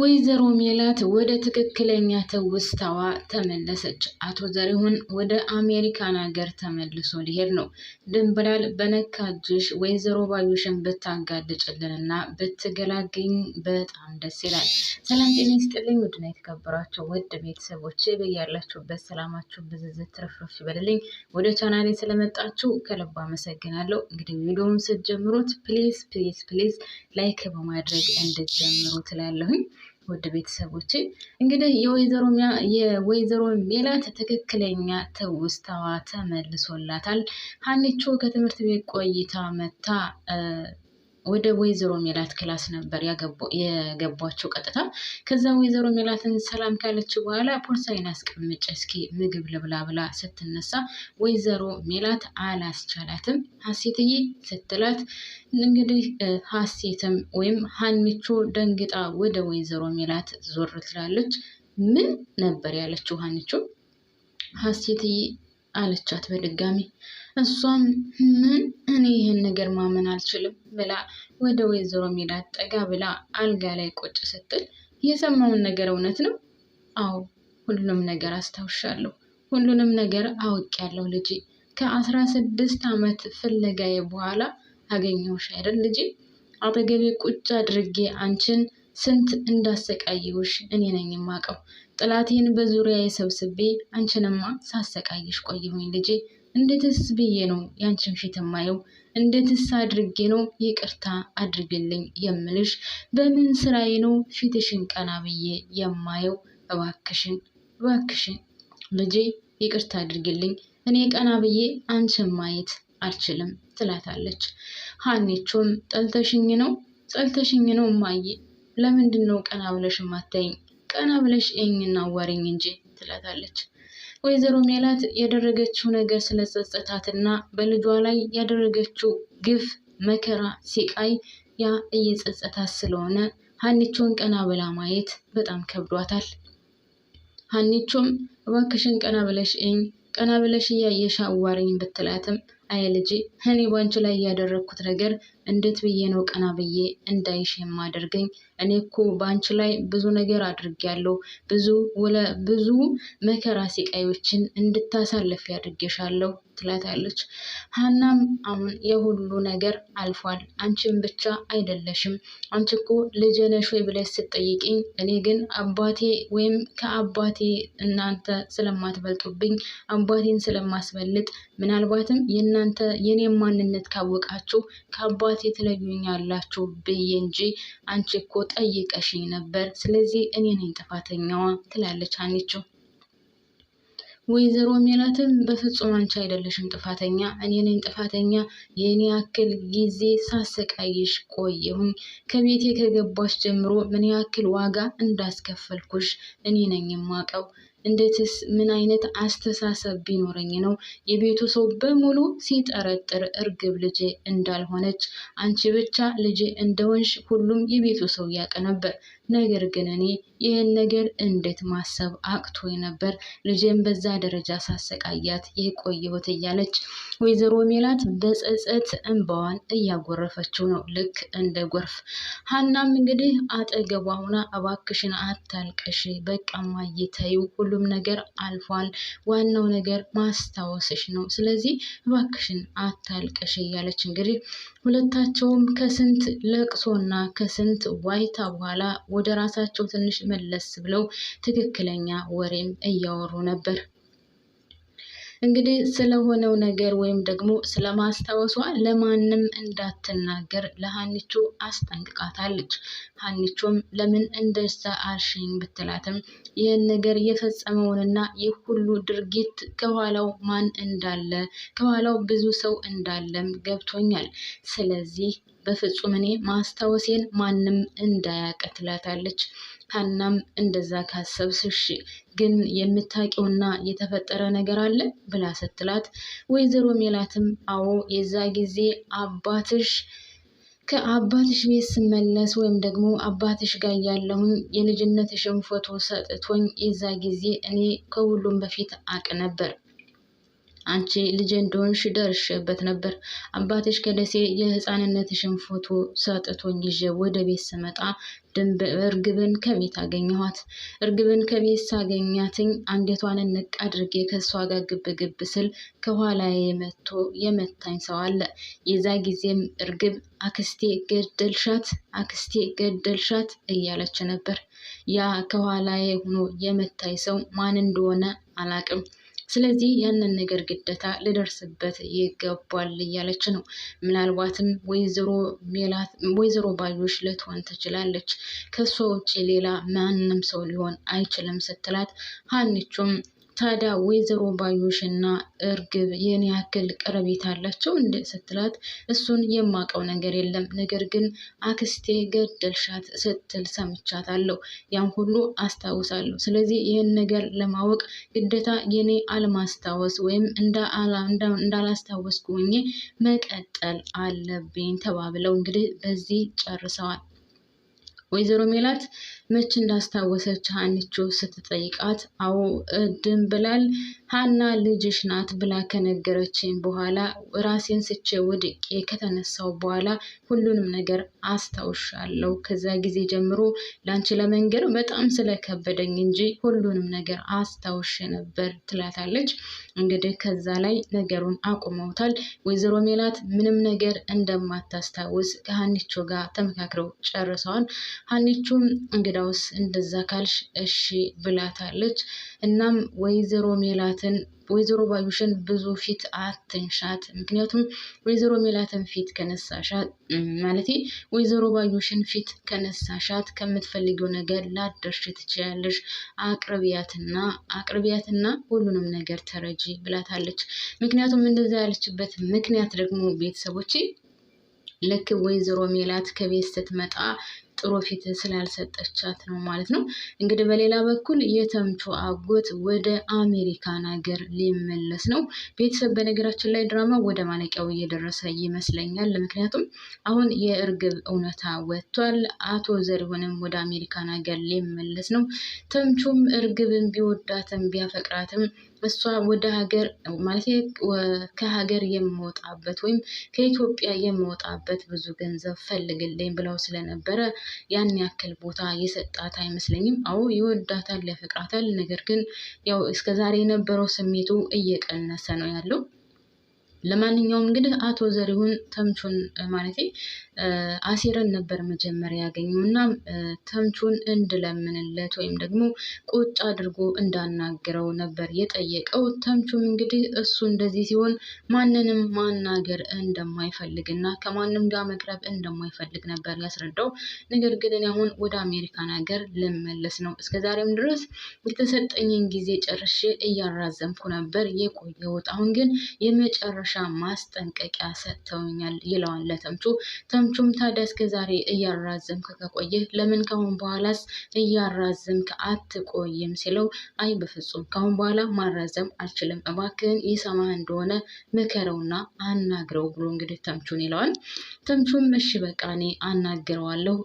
ወይዘሮ ሜላት ወደ ትክክለኛ ትውስታዋ ተመለሰች። አቶ ዘሪሁን ወደ አሜሪካን ሀገር ተመልሶ ሊሄድ ነው። ድንብላል በነካጅሽ ወይዘሮ ባዩሽን ብታጋልጭልንና ብትገላግኝ በጣም ደስ ይላል። ሰላም ጤና ይስጥልኝ። ውድና የተከበራቸው ውድ ቤተሰቦች በያላችሁበት ሰላማችሁ ብዝዝት ትርፍርፍ ይበልልኝ። ወደ ቻናሌ ስለመጣችሁ ከልብ አመሰግናለሁ። እንግዲህ ቪዲዮውን ስትጀምሩት ፕሊዝ ፕሊዝ ፕሊዝ ላይክ በማድረግ እንድትጀምሩ ትላለሁኝ። ውድ ቤተሰቦች እንግዲህ የወይዘሮ ሜላት ትክክለኛ ትውስታዋ ተመልሶላታል። ሀኒቾ ከትምህርት ቤት ቆይታ መታ ወደ ወይዘሮ ሜላት ክላስ ነበር የገቧቸው ቀጥታ። ከዛ ወይዘሮ ሜላትን ሰላም ካለች በኋላ ፖርሳይን አስቀምጭ እስኪ ምግብ ልብላ ብላ ስትነሳ ወይዘሮ ሜላት አላስቻላትም። ሀሴትዬ ስትላት እንግዲህ ሀሴትም ወይም ሀንቾ ደንግጣ ወደ ወይዘሮ ሜላት ዞር ትላለች። ምን ነበር ያለችው ሀንቾ ሀሴትዬ አለቻት በድጋሚ። እሷም ምን እኔ ይህን ነገር ማመን አልችልም ብላ ወደ ወይዘሮ ሜላት ጠጋ ብላ አልጋ ላይ ቁጭ ስትል የሰማውን ነገር እውነት ነው? አዎ ሁሉንም ነገር አስታውሻለሁ። ሁሉንም ነገር አውቄያለሁ ልጄ። ከአስራ ስድስት ዓመት ፍለጋዬ በኋላ አገኘሁሽ አይደል ልጄ? አጠገቤ ቁጭ አድርጌ አንቺን ስንት እንዳሰቃየሁሽ እኔ ነኝ የማውቀው። ጥላቴን በዙሪያ የሰብስቤ አንቺንማ ሳሰቃይሽ ቆየሁኝ ልጄ። እንዴትስ ብዬ ነው ያንቺን ፊት የማየው? እንዴትስ አድርጌ ነው ይቅርታ አድርግልኝ የምልሽ? በምን ስራዬ ነው ፊትሽን ቀና ብዬ የማየው? እባክሽን እባክሽን ልጄ ይቅርታ አድርግልኝ፣ እኔ ቀና ብዬ አንቺን ማየት አልችልም ትላታለች። ሀኔቾም ጠልተሽኝ ነው ጠልተሽኝ ነው እማዬ፣ ለምንድን ነው ቀና ብለሽ ማታይኝ? ቀና ብለሽ እኝና አዋሪኝ እንጂ ትላታለች። ወይዘሮ ሜላት ያደረገችው ነገር ስለጸጸታትና በልጇ ላይ ያደረገችው ግፍ፣ መከራ፣ ሲቃይ ያ እየጸጸታት ስለሆነ ሀኒቾን ቀና ብላ ማየት በጣም ከብዷታል። ሀኒቾም እባክሽን ቀና ብለሽ እኝ፣ ቀና ብለሽ እያየሽ አዋሪኝ ብትላትም አይ ልጄ እኔ ባንቺ ላይ ያደረግኩት ነገር እንዴት ብዬ ነው ቀና ብዬ እንዳይሽ የማደርገኝ? እኔ እኮ ባንቺ ላይ ብዙ ነገር አድርጌያለሁ። ብዙ ብዙ መከራ ሲቃዮችን እንድታሳልፍ ያድርጌሻለሁ ትላታለች። ሀናም አሁን የሁሉ ነገር አልፏል፣ አንቺም ብቻ አይደለሽም። አንቺ እኮ ልጄ ነሽ ወይ ብለሽ ስትጠይቅኝ እኔ ግን አባቴ ወይም ከአባቴ እናንተ ስለማትበልጡብኝ አባቴን ስለማስበልጥ ምናልባትም የእናንተ የኔ ማንነት ካወቃችሁ ከአባቴ ትለዩኛላችሁ ብዬ እንጂ አንቺ እኮ ጠይቀሽኝ ነበር። ስለዚህ እኔ ነኝ ጥፋተኛዋ ትላለች አንቺው ወይዘሮ ሜላትም በፍጹም አንቺ አይደለሽም ጥፋተኛ፣ እኔ ነኝ ጥፋተኛ። የእኔ ያክል ጊዜ ሳሰቃይሽ ቆየሁኝ። ከቤቴ ከገባሽ ጀምሮ ምን ያክል ዋጋ እንዳስከፈልኩሽ እኔ ነኝ የማውቀው። እንዴትስ ምን አይነት አስተሳሰብ ቢኖረኝ ነው የቤቱ ሰው በሙሉ ሲጠረጥር እርግብ ልጄ እንዳልሆነች አንቺ ብቻ ልጄ እንደሆንሽ ሁሉም የቤቱ ሰው ያውቅ ነበር። ነገር ግን እኔ ይህን ነገር እንዴት ማሰብ አቅቶ ነበር ልጄን በዛ ደረጃ ሳሰቃያት የቆየሁት እያለች ወይዘሮ ሜላት በጸጸት እንባዋን እያጎረፈችው ነው ልክ እንደ ጎርፍ። ሀናም እንግዲህ አጠገቧ ሁና እባክሽን አታልቀሽ በቃ እማዬ ሁሉም ነገር አልፏል፣ ዋናው ነገር ማስታወስሽ ነው። ስለዚህ እባክሽን አታልቀሽ እያለች እንግዲህ ሁለታቸውም ከስንት ለቅሶና ከስንት ዋይታ በኋላ ወደ ራሳቸው ትንሽ መለስ ብለው ትክክለኛ ወሬም እያወሩ ነበር። እንግዲህ ስለሆነው ነገር ወይም ደግሞ ስለማስታወሷ ለማንም እንዳትናገር ለሀኒቾ አስጠንቅቃታለች። ሀኒቾም ለምን እንደዛ አልሽኝ ብትላትም ይህን ነገር የፈጸመውንና ይህ ሁሉ ድርጊት ከኋላው ማን እንዳለ ከኋላው ብዙ ሰው እንዳለም ገብቶኛል። ስለዚህ በፍጹም እኔ ማስታወሴን ማንም እንዳያውቅ ትላታለች። ሀናም እንደዛ ካሰብስሽ ግን የምታውቂውና የተፈጠረ ነገር አለ ብላ ስትላት ወይዘሮ ሜላትም አዎ የዛ ጊዜ አባትሽ ከአባትሽ ቤት ስመለስ ወይም ደግሞ አባትሽ ጋር ያለሁኝ የልጅነትሽን ፎቶ ሰጥቶኝ የዛ ጊዜ እኔ ከሁሉም በፊት አቅ ነበር አንቺ ልጅ እንደሆንሽ ደርሼበት ነበር። አባትሽ ከደሴ የሕፃንነትሽን ፎቶ ሰጥቶኝ ይዤ ወደ ቤት ስመጣ እርግብን ከቤት አገኘኋት። እርግብን ከቤት ሳገኛትኝ አንገቷን ንቅ አድርጌ ከእሷ ጋር ግብ ግብ ስል ከኋላ የመቶ የመታኝ ሰው አለ። የዛ ጊዜም እርግብ አክስቴ ገደልሻት፣ አክስቴ ገደልሻት እያለች ነበር። ያ ከኋላዬ ሆኖ የመታኝ ሰው ማን እንደሆነ አላቅም። ስለዚህ ያንን ነገር ግዴታ ልደርስበት ይገባል እያለች ነው። ምናልባትም ወይዘሮ ባዩሽ ልትሆን ትችላለች፣ ከእሷ ውጭ ሌላ ማንም ሰው ሊሆን አይችልም ስትላት ሀኒቹም ታዲያ ወይዘሮ ባዮሽ እና እርግብ የኔ ያክል ቀረቤት አላቸው እንደ ስትላት እሱን የማውቀው ነገር የለም፣ ነገር ግን አክስቴ ገደልሻት ስትል ሰምቻታለሁ። ያም ሁሉ አስታውሳለሁ። ስለዚህ ይህን ነገር ለማወቅ ግዴታ የኔ አለማስታወስ ወይም እንዳላስታወስኩ ሆኜ መቀጠል አለብኝ ተባብለው እንግዲህ በዚህ ጨርሰዋል። ወይዘሮ ሜላት መች እንዳስታወሰች ሀኒቾ ስትጠይቃት አዎ ብላል። ሀና ልጅሽ ናት ብላ ከነገረችኝ በኋላ ራሴን ስቼ ወድቄ ከተነሳው በኋላ ሁሉንም ነገር አስታውሻለሁ። ከዛ ጊዜ ጀምሮ ላንቺ ለመንገር በጣም ስለከበደኝ እንጂ ሁሉንም ነገር አስታውሽ ነበር ትላታለች። እንግዲህ ከዛ ላይ ነገሩን አቁመውታል። ወይዘሮ ሜላት ምንም ነገር እንደማታስታውስ ከሀኒቾ ጋር ተመካክረው ጨርሰዋል። ሀኒቹም እንግዳውስ እንደዛ ካልሽ እሺ ብላታለች። እናም ወይዘሮ ሜላት ሜላትን ወይዘሮ ባዩሽን ብዙ ፊት አትንሻት። ምክንያቱም ወይዘሮ ሜላትን ፊት ከነሳሻት ማለት ወይዘሮ ባዩሽን ፊት ከነሳሻት ከምትፈልጊው ነገር ላደርሽ ትችያለሽ። አቅርቢያትና አቅርቢያትና ሁሉንም ነገር ተረጂ ብላታለች። ምክንያቱም እንደዛ ያለችበት ምክንያት ደግሞ ቤተሰቦች ልክ ወይዘሮ ሜላት ከቤት ስትመጣ ጥሩ ፊት ስላልሰጠቻት ነው ማለት ነው። እንግዲህ በሌላ በኩል የተምቹ አጎት ወደ አሜሪካን ሀገር ሊመለስ ነው። ቤተሰብ በነገራችን ላይ ድራማ ወደ ማለቂያው እየደረሰ ይመስለኛል። ምክንያቱም አሁን የእርግብ እውነታ ወጥቷል። አቶ ዘሪሁንም ወደ አሜሪካን ሀገር ሊመለስ ነው። ተምቹም እርግብን ቢወዳትም ቢያፈቅራትም እሷ ወደ ሀገር ማለት ከሀገር የምወጣበት ወይም ከኢትዮጵያ የምወጣበት ብዙ ገንዘብ ፈልግልኝ ብለው ስለነበረ ያን ያክል ቦታ የሰጣት አይመስለኝም። አዎ ይወዳታል፣ ያፈቅራታል። ነገር ግን ያው እስከዛሬ የነበረው ስሜቱ እየቀነሰ ነው ያለው። ለማንኛውም እንግዲህ አቶ ዘሪሁን ተምቹን ማለት አሴርን ነበር መጀመሪያ ያገኘው እና ተምቹን እንድለምንለት ወይም ደግሞ ቁጭ አድርጎ እንዳናግረው ነበር የጠየቀው። ተምቹም እንግዲህ እሱ እንደዚህ ሲሆን ማንንም ማናገር እንደማይፈልግ እና ከማንም ጋር መቅረብ እንደማይፈልግ ነበር ያስረዳው። ነገር ግን አሁን ወደ አሜሪካን ሀገር ልመለስ ነው፣ እስከዛሬም ድረስ የተሰጠኝን ጊዜ ጨርሼ እያራዘምኩ ነበር የቆየሁት። አሁን ግን የመጨረሻ ማሻ ማስጠንቀቂያ ሰጥተውኛል ይለዋል ለተምቹ። ተምቹም ታዲያ እስከ ዛሬ እያራዘምክ ከቆየህ ለምን ካሁን በኋላስ እያራዘምክ አትቆይም ሲለው አይ በፍጹም ካሁን በኋላ ማራዘም አልችልም፣ እባክህን ይሰማ እንደሆነ ምከረውና አናግረው ብሎ እንግዲህ ተምቹን ይለዋል። ተምቹም እሺ በቃ እኔ አናግረዋለሁ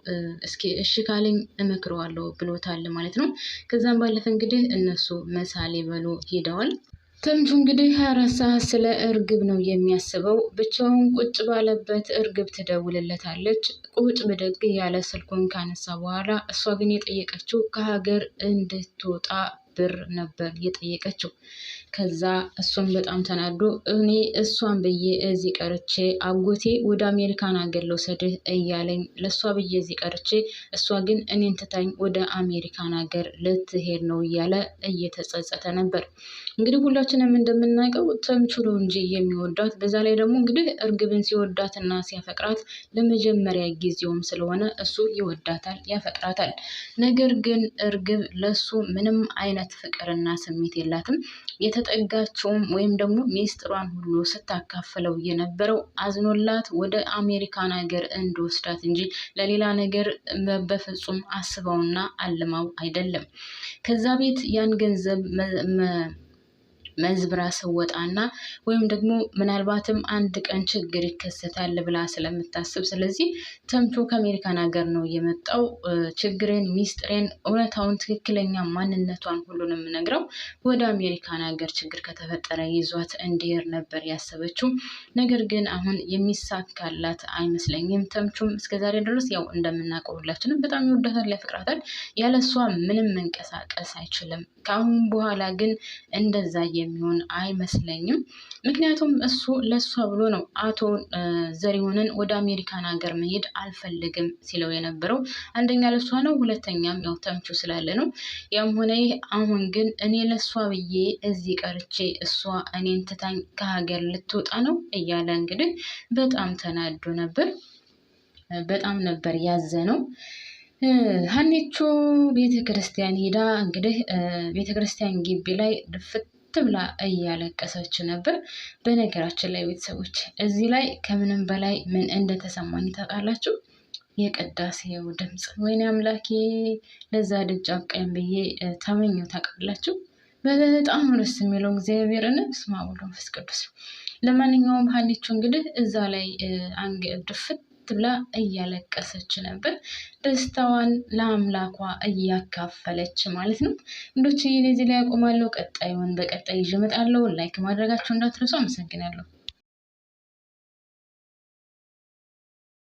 እስኪ እሺ ካለኝ እመክረዋለሁ ብሎታል ማለት ነው። ከዛም ባለፈ እንግዲህ እነሱ መሳሌ በሉ ሄደዋል። ትምቱ እንግዲህ ሀያ አራት ሰዓት ስለ እርግብ ነው የሚያስበው። ብቻውን ቁጭ ባለበት እርግብ ትደውልለታለች። ቁጭ ብድግ ያለ ስልኩን ካነሳ በኋላ እሷ ግን የጠየቀችው ከሀገር እንድትወጣ ብር ነበር የጠየቀችው። ከዛ እሱም በጣም ተናዶ እኔ እሷን ብዬ እዚህ ቀርቼ አጎቴ ወደ አሜሪካን አገር ልውሰድህ እያለኝ ለእሷ ብዬ እዚህ ቀርቼ እሷ ግን እኔን ትታኝ ወደ አሜሪካን አገር ልትሄድ ነው እያለ እየተጸጸተ ነበር። እንግዲህ ሁላችንም እንደምናውቀው ተምቹ ነው እንጂ የሚወዳት በዛ ላይ ደግሞ እንግዲህ እርግብን ሲወዳትና ሲያፈቅራት ለመጀመሪያ ጊዜውም ስለሆነ እሱ ይወዳታል፣ ያፈቅራታል። ነገር ግን እርግብ ለሱ ምንም አይነት አይነት ፍቅርና ስሜት የላትም። የተጠጋችውም ወይም ደግሞ ሚስጥሯን ሁሉ ስታካፍለው የነበረው አዝኖላት ወደ አሜሪካን ሀገር እንድወስዳት እንጂ ለሌላ ነገር በፍጹም አስበውና አልማው አይደለም። ከዛ ቤት ያን ገንዘብ መዝብራ ስወጣና ወይም ደግሞ ምናልባትም አንድ ቀን ችግር ይከሰታል ብላ ስለምታስብ ስለዚህ ተምቹ ከአሜሪካን ሀገር ነው የመጣው። ችግሬን፣ ሚስጥሬን፣ እውነታውን፣ ትክክለኛ ማንነቷን ሁሉንም ነግረው ወደ አሜሪካን ሀገር ችግር ከተፈጠረ ይዟት እንዲሄድ ነበር ያሰበችው። ነገር ግን አሁን የሚሳካላት አይመስለኝም። ተምቹም እስከዛሬ ድረስ ያው እንደምናውቀው ሁላችንም በጣም ይወዳታል፣ ያፈቅራታል። ያለሷ ምንም መንቀሳቀስ አይችልም። ከአሁን በኋላ ግን እንደዛ የ የሚሆን አይመስለኝም። ምክንያቱም እሱ ለእሷ ብሎ ነው አቶ ዘሪሁንን ወደ አሜሪካን ሀገር መሄድ አልፈልግም ሲለው የነበረው አንደኛ ለእሷ ነው፣ ሁለተኛም ያው ተምቹ ስላለ ነው። ያም ሆነ ይህ አሁን ግን እኔ ለእሷ ብዬ እዚህ ቀርቼ እሷ እኔን ትታኝ ከሀገር ልትወጣ ነው እያለ እንግዲህ በጣም ተናዶ ነበር። በጣም ነበር ያዘ ነው። ሀኔቾ ቤተ ክርስቲያን ሄዳ እንግዲህ ቤተ ክርስቲያን ግቢ ላይ ድፍት ብላ እያለቀሰች ነበር። በነገራችን ላይ ቤተሰቦች እዚህ ላይ ከምንም በላይ ምን እንደተሰማኝ ታውቃላችሁ? የቅዳሴው ድምፅ ወይኔ አምላኬ ለዛ ደጅ አብቃኝ ብዬ ተመኘው ታውቃላችሁ? በጣም ደስ የሚለው እግዚአብሔርን ስማ ወልድ ወመንፈስ ቅዱስ። ለማንኛውም ሀሊቹ እንግዲህ እዛ ላይ አንገ ድፍት ብላ እያለቀሰች ነበር። ደስታዋን ለአምላኳ እያካፈለች ማለት ነው። እንዶች ይህ ዚህ ላይ ያቆማለሁ። ቀጣዩን በቀጣይ ይዤ እመጣለሁ። ላይክ ማድረጋቸው እንዳትረሱ። አመሰግናለሁ።